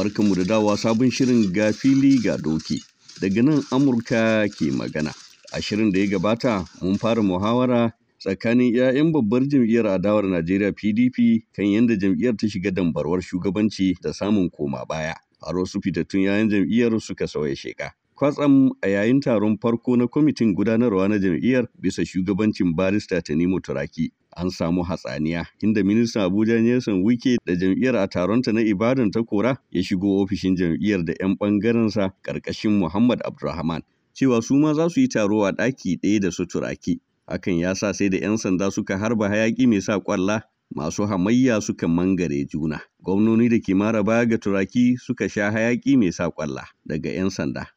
barkanmu da dawa sabon shirin ga fili ga doki daga nan amurka ke magana a shirin da ya gabata mun fara muhawara tsakanin 'ya'yan babbar jam'iyyar adawar najeriya pdp kan yadda jam'iyyar ta shiga dambarwar shugabanci da samun koma baya har wasu fitattun 'ya'yan jam'iyyar suka sauya sheka kwatsam a yayin taron farko na kwamitin gudanarwa na jam'iyyar bisa shugabancin barista tanimu turaki an samu hatsaniya inda ministan Abuja Nelson Wike da jam'iyyar a taronta na Ibadan ta kora ya shigo ofishin jam'iyyar da 'yan sa karkashin Muhammad Abdulrahman cewa su ma za su yi taro a ɗaki ɗaya da su turaki. Hakan ya sa sai da 'yan sanda suka harba hayaƙi mai sa ƙwalla masu hamayya suka mangare juna. Gwamnoni da ke mara baya ga turaki suka sha hayaƙi mai sa ƙwalla daga 'yan sanda.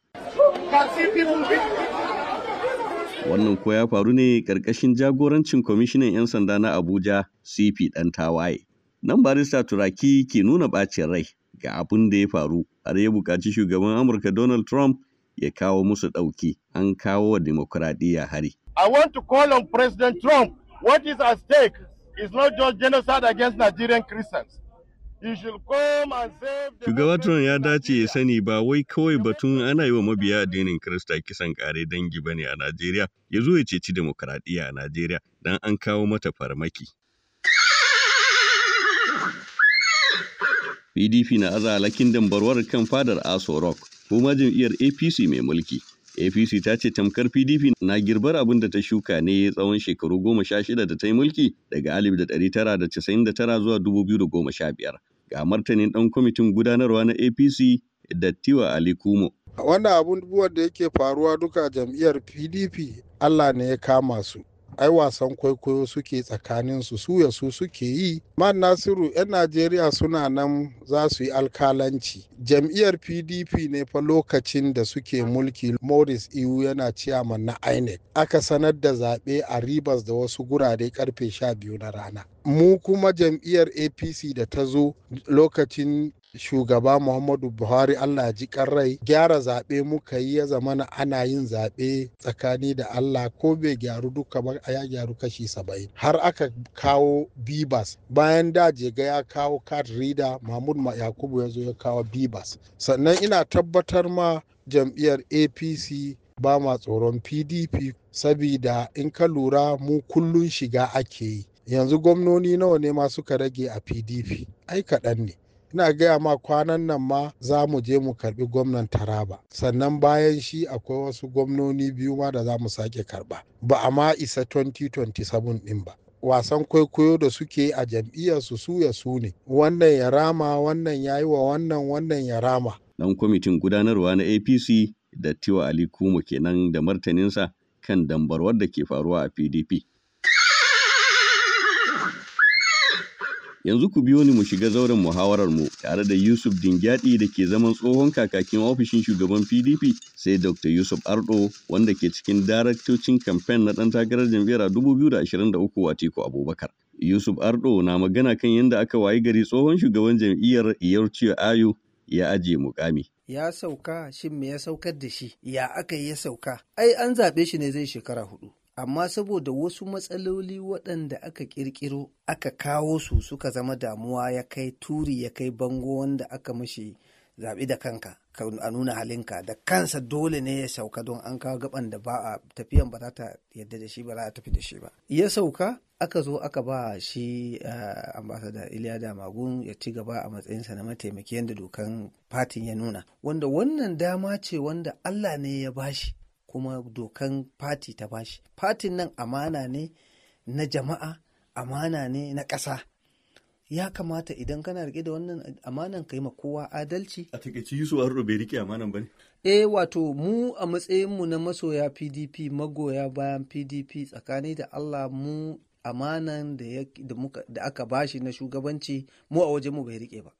Wannan ko ya faru ne ƙarƙashin jagorancin kwamishinan 'yan sanda na Abuja CP ɗan tawaye. Nan barista Turaki ke nuna ɓacin rai ga abin da ya faru har ya buƙaci shugaban Amurka Donald Trump ya kawo musu ɗauki an kawo wa demokuraɗiyya hari. I want to call on President Trump what is at stake is not just genocide against Nigerian Christians. Shugaba Trump ya dace ya sani ba wai kawai batun ana yi wa mabiya addinin Kirista kisan kare dangi ba ne a Najeriya, ya zo ya ceci demokuraɗiyya a Najeriya don an kawo mata farmaki. PDP na azalakin dambarwar kan fadar Aso Rock, kuma jam'iyyar APC mai mulki. APC ta ce tamkar PDP na girbar abin da ta shuka ne tsawon shekaru goma sha shida da ta yi mulki daga alif da tara zuwa sha biyar. Ga martanin ɗan kwamitin gudanarwa na APC Dattiwa Ali Kumo. Wannan abubuwan da yake faruwa duka jam'iyyar PDP Allah ne ya kama su. ai wasan kwaikwayo suke tsakaninsu. su su ya su suke yi man nasiru 'yan najeriya suna nan za su yi alkalanci jam'iyyar pdp ne fa lokacin da suke mulki morris iwu yana ciyaman na inec aka sanar da zaɓe a ribas da wasu gurare karfe 12 na rana mu kuma jam'iyyar apc da ta zo lokacin shugaba muhammadu buhari allah ji rai gyara zaɓe muka yi ya zamana ana yin zaɓe tsakani da allah ko bai gyaru duka ba a ya gyaru kashi saba'in har aka kawo bibas bayan da jega ya kawo card reader mahmud yakubu ya zo ya kawo bibas sannan ina tabbatar ma jam'iyyar apc ba ma tsoron pdp sabida in ka lura mu kullun shiga ake yi yanzu gwamnoni nawa ne ma suka rage a pdp ai kaɗan ne ina gaya ma kwanan nan ma za mu je mu karbi gwamnan taraba sannan bayan shi akwai wasu gwamnoni biyu ma da za mu sake karba ba a ma isa 2027 din ba wasan kwaikwayo da suke a jam'iyyar su ya su ne wannan ya rama wannan ya yi wa wannan wannan ya rama dan kwamitin gudanarwa na apc da tiwa ali kuma kenan da martaninsa kan dambarwar da ke faruwa a pdp Yanzu ku biyo ni mu shiga zauren muhawarar mu tare da Yusuf Dingyadi da ke zaman tsohon kakakin ofishin shugaban PDP sai Dr. Yusuf Ardo wanda ke cikin daraktocin kamfen na ɗan takarar jam'iyyar 2023 teku Abubakar. Yusuf Ardo na magana kan yadda aka wayi gari tsohon shugaban jam'iyyar Iyarciyo Ayo ya ajiye mukami. Ya sauka shin me ya saukar da shi? Ya aka yi ya sauka? Ai an zaɓe shi ne zai shekara hudu. amma saboda wasu matsaloli waɗanda aka ƙirƙiro aka kawo su suka zama damuwa ya kai turi ya kai bango wanda aka mashi zaɓi da kanka a nuna halinka da kansa dole ne ya sauka don an kawo gaban da ba a tafiyan ba za ta yadda da shi ba za a tafi da shi ba ya sauka aka zo aka ba shi eh, ambasada iliya damagun ya ci gaba a matsayinsa na mataimaki yadda dokan fatin ya nuna wanda wannan dama ce wanda allah ne ya bashi kuma dokan fati ta bashi fatin nan amana ne na jama'a amana ne na ƙasa ya kamata idan kana rike da wannan amanan ka yi ma kowa adalci a ci yusuf an bai rike amanan ba ne eh wato mu a matsayin mu na masoya pdp magoya bayan pdp tsakani da allah mu amanan da aka bashi na shugabanci mu a mu bai rike ba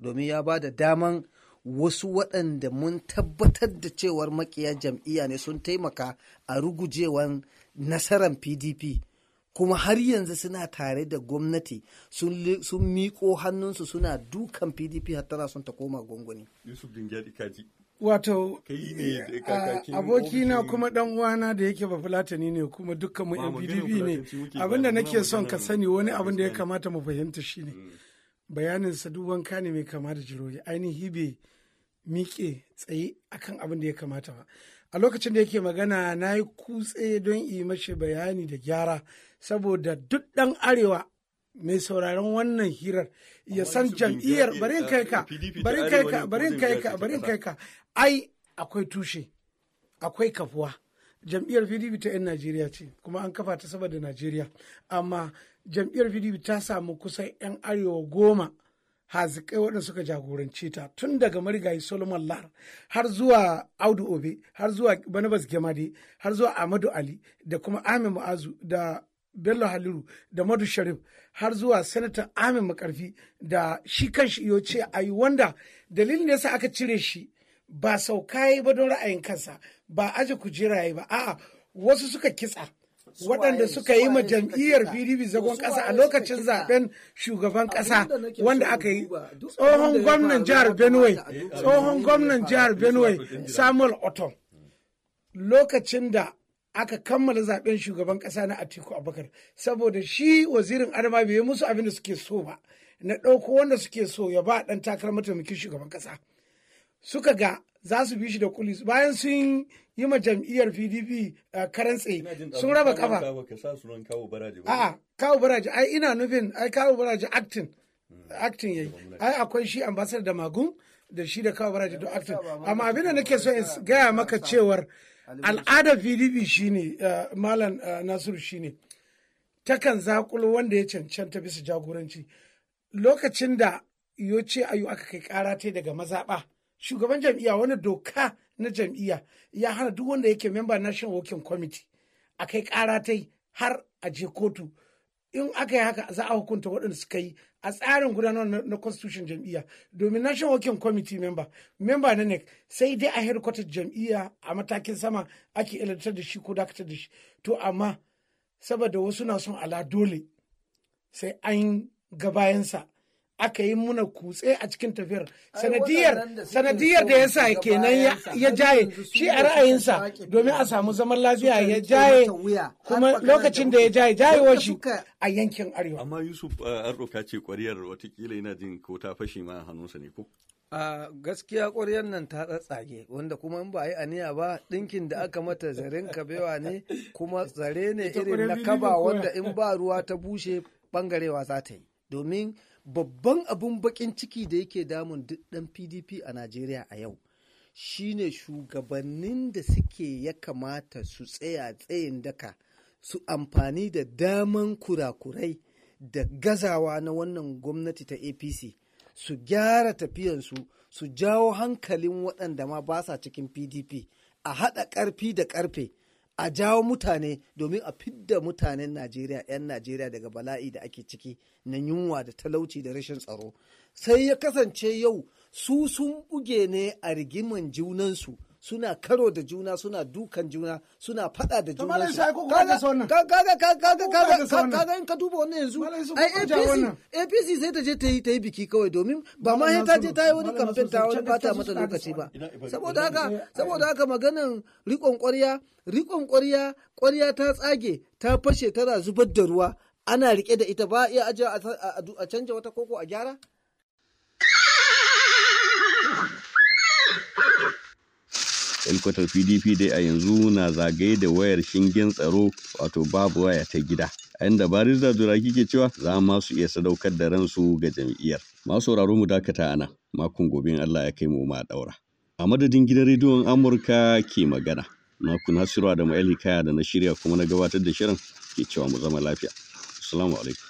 domin ya ba da daman wasu waɗanda mun tabbatar da cewar makiya jam'iyya ne sun taimaka a rugujewan nasarar pdp kuma har yanzu suna tare da gwamnati sun miƙo hannunsu suna dukan pdp har tana son ta koma gwangwani yusuf kaji wato abokina kuma dan uwana da yake ba fulatani ne kuma dukkan mu pdp ne abinda nake son ka sani wani abin da ya kamata mu fahimta shine ne mm. bayaninsa duk wanka ne mai kama da jirori ainihi bai miƙe tsaye akan abin da ya kamata ba a lokacin da yake magana na yi kutse don yi mashi bayani da gyara saboda duk ɗan arewa mai sauraron wannan hirar ya san jam'iyyar barin kai barin kai ka eh, barin kai ka barin kai ka ai akwai tushe akwai kafuwa jam'iyyar pdp ta 'yan najeriya ce kuma an kafa ta saboda najeriya amma jam'iyyar pdp ta samu kusan 'yan arewa goma hazikai waɗanda suka jagorance ta tun daga marigayi solomon lar har zuwa audu obe har zuwa banabas gemade har zuwa amadu ali da kuma amin mu'azu da bello haliru da madu sharif har zuwa sanata amin makarfi da shi kan shi iyo ce yi wanda dalilin da yasa aka cire shi ba sauka yi ba don ra'ayin kansa ba aje kujeraye ba a'a wasu suka kitsa waɗanda suka yi ma jam'iyyar pdp zagon ƙasa a lokacin zaben shugaban ƙasa wanda aka yi tsohon gwamnan jihar benue tsohon gwamnan jihar benue samuel otom lokacin da aka kammala zaben shugaban ƙasa na atiku abubakar saboda shi wazirin adama bai yi musu abin da suke so ba na ɗauko wanda suke so ya ba ɗan takarar mataimakin shugaban ƙasa suka ga za su bi shi da kulis bayan sun yi ma jam'iyyar pdp uh, karantse sun raba kafa a kawo baraji ai ina nufin ai kawo baraji actin hmm. actin yayi ai akwai shi ambassador da magun da shi da kawo baraji don actin amma abin da nake so in gaya maka cewar al'adar pdp shine uh, malam uh, nasiru shine takan zakulo wanda ya cancanta bisa jagoranci lokacin da yau ce ayu aka kai kara daga mazaɓa. shugaban jam'iyya wani doka na jam'iyya ya hana duk wanda yake memba national working committee a kai kara ta har a je kotu in aka yi haka za a hukunta waɗanda suka yi a tsarin gudanar na constitution jam'iyya domin national working committee member member na nec sai dai a headquarter jam'iyya a matakin sama ake ilantar da shi ko dakatar da shi to amma saboda wasu na son ala dole sai an ga bayansa aka yi muna kutse a cikin tafiyar sanadiyar sanadiyar da yasa kenan ya jaye shi a ra'ayinsa domin a samu zaman lafiya ya jaye kuma lokacin da ya jaye jaye shi a yankin arewa amma yusuf eh, an roka ce kwariyar watakila yana jin ko ta fashe ma hannunsa ne ko a gaskiya kwariyar nan ta tsatsage wanda kuma in ba a yi aniya ba ɗinkin da aka mata zaren kabewa ne kuma tsare ne irin na kaba wanda in ba ruwa ta bushe bangarewa za ta yi domin babban abun bakin ciki da yake damun duk dan pdp a najeriya a yau shine shugabannin da suke ya kamata su tsaya tsayin daka su amfani da daman kurakurai da gazawa na wannan gwamnati ta apc su gyara tafiyansu su jawo hankalin waɗanda ma ba sa cikin pdp a haɗa ƙarfi da ƙarfe a jawo mutane domin a fidda mutanen Najeriya 'yan Najeriya daga bala'i da ake ciki na yunwa da talauci da rashin tsaro sai ya kasance yau su sun buge ne a rigiman junansu suna karo da juna suna dukan juna suna fada da juna kaga in ka duba wannan yanzu ai APC APC sai ta je ta yi ta yi biki kawai domin ba ma ta je ta yi wani kamfen ta wani bata mata lokaci ba saboda haka saboda haka maganan rikon kwarya rikon kwarya kwarya ta tsage ta fashe tana zubar da ruwa ana rike da ita ba iya ajiye a canja wata koko a gyara? Helkwatar PDP dai a yanzu na zagaye da wayar shingen tsaro wato babu waya ta gida. A inda Barista zuraki ke cewa za ma su iya sadaukar da ransu ga jam'iyyar. Masu sauraro mu dakata ana makon gobe Allah ya kai mu ma ɗaura. A madadin gidan rediyon Amurka ke magana. Naku Nasiru Adamu Ali Kaya da na shirya kuma na gabatar da shirin ke cewa mu zama lafiya. Assalamu alaikum.